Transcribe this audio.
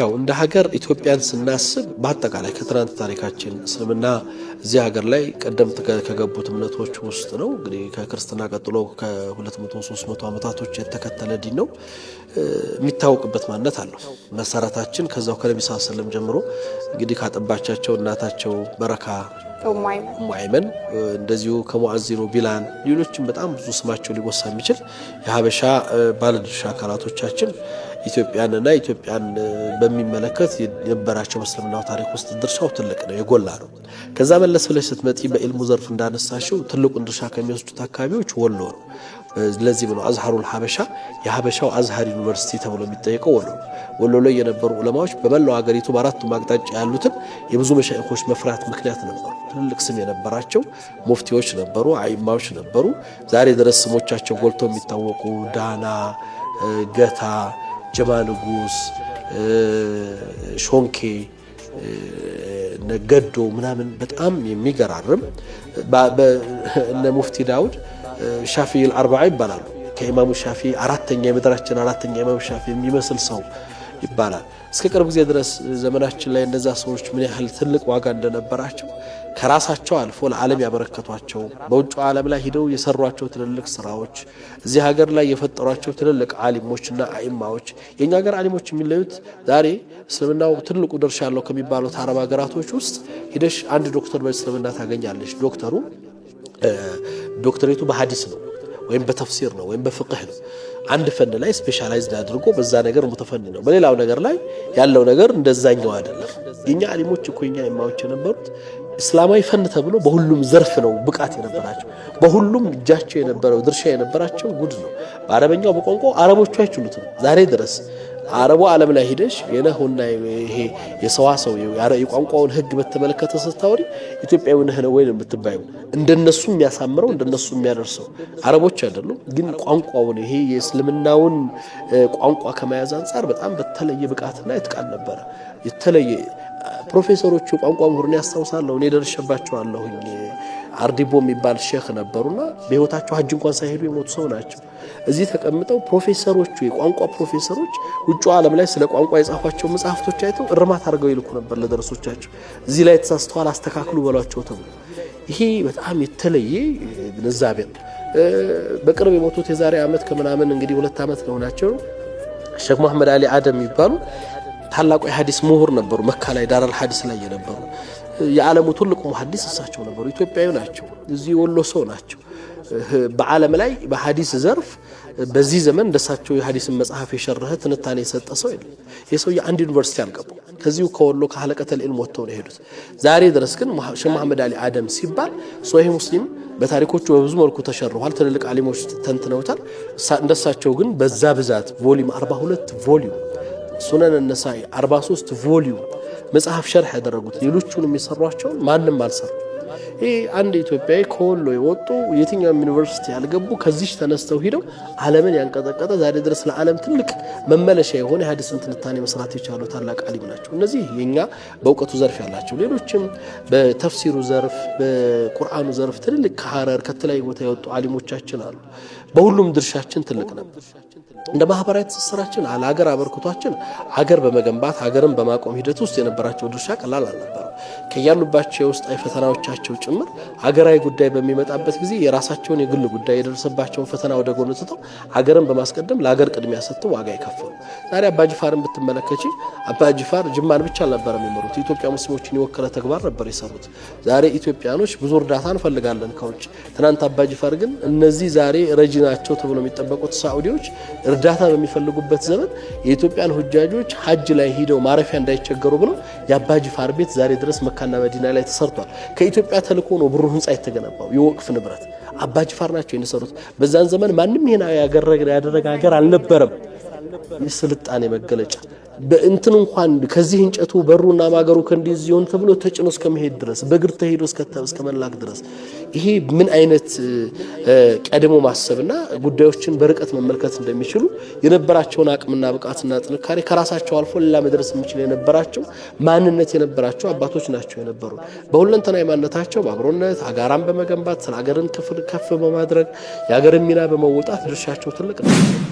ያው እንደ ሀገር ኢትዮጵያን ስናስብ በአጠቃላይ ከትናንት ታሪካችን እስልምና እዚህ ሀገር ላይ ቀደምት ከገቡት እምነቶች ውስጥ ነው። እንግዲህ ከክርስትና ቀጥሎ ከ200 300 ዓመታቶች የተከተለ ዲን ነው። የሚታወቅበት ማንነት አለው። መሰረታችን ከዛው ከነቢ ስለም ጀምሮ እንግዲህ ካጠባቻቸው እናታቸው በረካ ሙአይመን እንደዚሁ ከሙአዚኑ ቢላን ሌሎችም በጣም ብዙ ስማቸው ሊወሳ የሚችል የሀበሻ ባለድርሻ አካላቶቻችን ኢትዮጵያንና ኢትዮጵያን በሚመለከት የነበራቸው በእስልምናው ታሪክ ውስጥ ድርሻው ትልቅ ነው፣ የጎላ ነው። ከዛ መለስ ብለሽ ስትመጪ በኢልሙ ዘርፍ እንዳነሳሽው ትልቁን ድርሻ ከሚወስዱት አካባቢዎች ወሎ ነው። ለዚህ ብለው አዝሃሩል ሀበሻ የሀበሻው አዝሃር ዩኒቨርሲቲ ተብሎ የሚጠየቀው ወሎ ነው ወሎ ላይ የነበሩ ዑለማዎች በመላው ሀገሪቱ በአራቱም አቅጣጫ ያሉትን የብዙ መሻይኮች መፍራት ምክንያት ነበሩ። ትልቅ ስም የነበራቸው ሙፍቲዎች ነበሩ፣ አይማዎች ነበሩ። ዛሬ ድረስ ስሞቻቸው ጎልቶ የሚታወቁ ዳና፣ ገታ ጅማ ንጉስ፣ ሾንኬ፣ ነገዶ ምናምን በጣም የሚገራርም እነ ሙፍቲ ዳውድ ሻፊል አርባዓ ይባላሉ። ከኢማሙ ሻፊ አራተኛ የምድራችን አራተኛ ኢማሙ ሻፊ የሚመስል ሰው ይባላል። እስከ ቅርብ ጊዜ ድረስ ዘመናችን ላይ እነዛ ሰዎች ምን ያህል ትልቅ ዋጋ እንደነበራቸው ከራሳቸው አልፎ ለዓለም ያበረከቷቸው በውጭ ዓለም ላይ ሂደው የሰሯቸው ትልልቅ ስራዎች እዚህ ሀገር ላይ የፈጠሯቸው ትልልቅ አሊሞችና አኢማዎች የእኛ ሀገር አሊሞች የሚለዩት ዛሬ እስልምናው ትልቁ ድርሻ ያለው ከሚባሉት አረብ ሀገራቶች ውስጥ ሂደሽ አንድ ዶክተር በእስልምና ታገኛለች። ዶክተሩ ዶክተሬቱ በሀዲስ ነው ወይም በተፍሲር ነው ወይም በፍቅህ ነው። አንድ ፈን ላይ ስፔሻላይዝድ አድርጎ በዛ ነገር ሙተፈን ነው። በሌላው ነገር ላይ ያለው ነገር እንደዛኛው አይደለም። የኛ አሊሞች እኮ የኛ ኢማዎች የነበሩት እስላማዊ ፈን ተብሎ በሁሉም ዘርፍ ነው ብቃት የነበራቸው በሁሉም እጃቸው የነበረው ድርሻ የነበራቸው ጉድ ነው። በአረበኛው በቋንቋ አረቦቹ አይችሉትም። ዛሬ ድረስ አረቡ ዓለም ላይ ሂደሽ የነሁና ይሄ የሰዋሰው የቋንቋውን ህግ በተመለከተ ስታወሪ ኢትዮጵያዊ ነህ ወይ ነው የምትባዩ። እንደነሱ የሚያሳምረው እንደነሱ የሚያደርሰው አረቦች አይደሉም። ግን ቋንቋውን ይሄ የእስልምናውን ቋንቋ ከመያዝ አንጻር በጣም በተለየ ብቃትና ይጥቃል ነበረ የተለየ ፕሮፌሰሮቹ ቋንቋ ምሁርን ያስታውሳለሁ። እኔ ደርሸባቸዋለሁኝ። አርዲቦ የሚባል ሼክ ነበሩና በህይወታቸው ሀጅ እንኳን ሳይሄዱ የሞቱ ሰው ናቸው። እዚህ ተቀምጠው ፕሮፌሰሮቹ የቋንቋ ፕሮፌሰሮች ውጭ ዓለም ላይ ስለ ቋንቋ የጻፏቸው መጽሐፍቶች አይተው እርማት አድርገው ይልኩ ነበር ለደረሶቻቸው። እዚህ ላይ ተሳስተዋል፣ አስተካክሉ በሏቸው ተብሎ ይሄ በጣም የተለየ ግንዛቤ ነው። በቅርብ የሞቱት የዛሬ ዓመት ከምናምን እንግዲህ ሁለት ዓመት ነው ናቸው ሼክ መሐመድ አሊ አደም የሚባሉ ታላቁ የሀዲስ ምሁር ነበሩ። መካ ላይ ዳራል ሀዲስ ላይ የነበሩ የዓለሙ ትልቁ ሙሐዲስ እሳቸው ነበሩ። ኢትዮጵያዊ ናቸው። እዚህ ወሎ ሰው ናቸው። በዓለም ላይ በሀዲስ ዘርፍ በዚህ ዘመን እንደሳቸው የሀዲስን መጽሐፍ የሸረኸ ትንታኔ የሰጠ ሰው የለም። የሰውዬ አንድ ዩኒቨርሲቲ አልገቡ ከዚሁ ከወሎ ከሀለቀተል ወጥተው ነው የሄዱት። ዛሬ ድረስ ግን ሼህ መሐመድ አሊ አደም ሲባል ሶሂህ ሙስሊም በታሪኮቹ በብዙ መልኩ ተሸርኋል። ትልልቅ አሊሞች ተንትነውታል። እንደሳቸው ግን በዛ ብዛት ቮሊም 42 ቮሊም ሱነን ነሳኢ 43 ቮሊዩም መጽሐፍ ሸርሕ ያደረጉት ሌሎቹን የሚሰሯቸውን ማንም አልሰሩ። ይህ አንድ ኢትዮጵያዊ ከወሎ የወጡ የትኛውም ዩኒቨርሲቲ ያልገቡ ከዚች ተነስተው ሂደው ዓለምን ያንቀጠቀጠ ዛሬ ድረስ ለዓለም ትልቅ መመለሻ የሆነ የሀዲስን ትንታኔ መስራት የቻሉ ታላቅ አሊም ናቸው። እነዚህ የኛ በእውቀቱ ዘርፍ ያላቸው ሌሎችም በተፍሲሩ ዘርፍ፣ በቁርአኑ ዘርፍ ትልልቅ ከሀረር ከተለያዩ ቦታ የወጡ አሊሞቻችን አሉ። በሁሉም ድርሻችን ትልቅ ነበር። እንደ ማህበራዊ ትስስራችን ለሀገር አበርክቷችን ሀገር በመገንባት ሀገርን በማቆም ሂደት ውስጥ የነበራቸው ድርሻ ቀላል አልነበረም። ከያሉባቸው የውስጣዊ ፈተናዎቻቸው ጭምር ሀገራዊ ጉዳይ በሚመጣበት ጊዜ የራሳቸውን የግል ጉዳይ የደረሰባቸውን ፈተና ወደ ጎን ትተው ሀገርን በማስቀደም ለሀገር ቅድሚያ ሰጥተው ዋጋ የከፈሉ ዛሬ አባጅፋርን ብትመለከች አባጅፋር ጅማን ብቻ አልነበረም የመሩት፣ የኢትዮጵያ ሙስሊሞችን የወከለ ተግባር ነበር የሰሩት። ዛሬ ኢትዮጵያኖች ብዙ እርዳታ እንፈልጋለን ከውጭ። ትናንት አባጅፋር ግን እነዚህ ዛሬ ረጂ ናቸው ተብሎ የሚጠበቁት ሳዑዲዎች እርዳታ በሚፈልጉበት ዘመን የኢትዮጵያን ሁጃጆች ሀጅ ላይ ሂደው ማረፊያ እንዳይቸገሩ ብለው የአባ ጂፋር ቤት ዛሬ ድረስ መካና መዲና ላይ ተሰርቷል። ከኢትዮጵያ ተልኮ ነው ብሩ ህንፃ የተገነባው የወቅፍ ንብረት አባ ጂፋር ናቸው የነሰሩት። በዛን ዘመን ማንም ይሄን ያደረገ ሀገር አልነበረም። ስልጣኔ መገለጫ በእንትን እንኳን ከዚህ እንጨቱ በሩና ማገሩ ከእንዲህ ዚሆን ተብሎ ተጭኖ እስከመሄድ ድረስ በእግር ተሄዶ እስከ መላክ ድረስ ይሄ ምን አይነት ቀድሞ ማሰብና ጉዳዮችን በርቀት መመልከት እንደሚችሉ የነበራቸውን አቅምና ብቃትና ጥንካሬ ከራሳቸው አልፎ ሌላ መድረስ የሚችል የነበራቸው ማንነት የነበራቸው አባቶች ናቸው የነበሩ። በሁለንተና የማንነታቸው በአብሮነት ሀገራን በመገንባት ስለ ሀገርን ክፍል ከፍ በማድረግ የሀገርን ሚና በመወጣት ድርሻቸው ትልቅ ነው።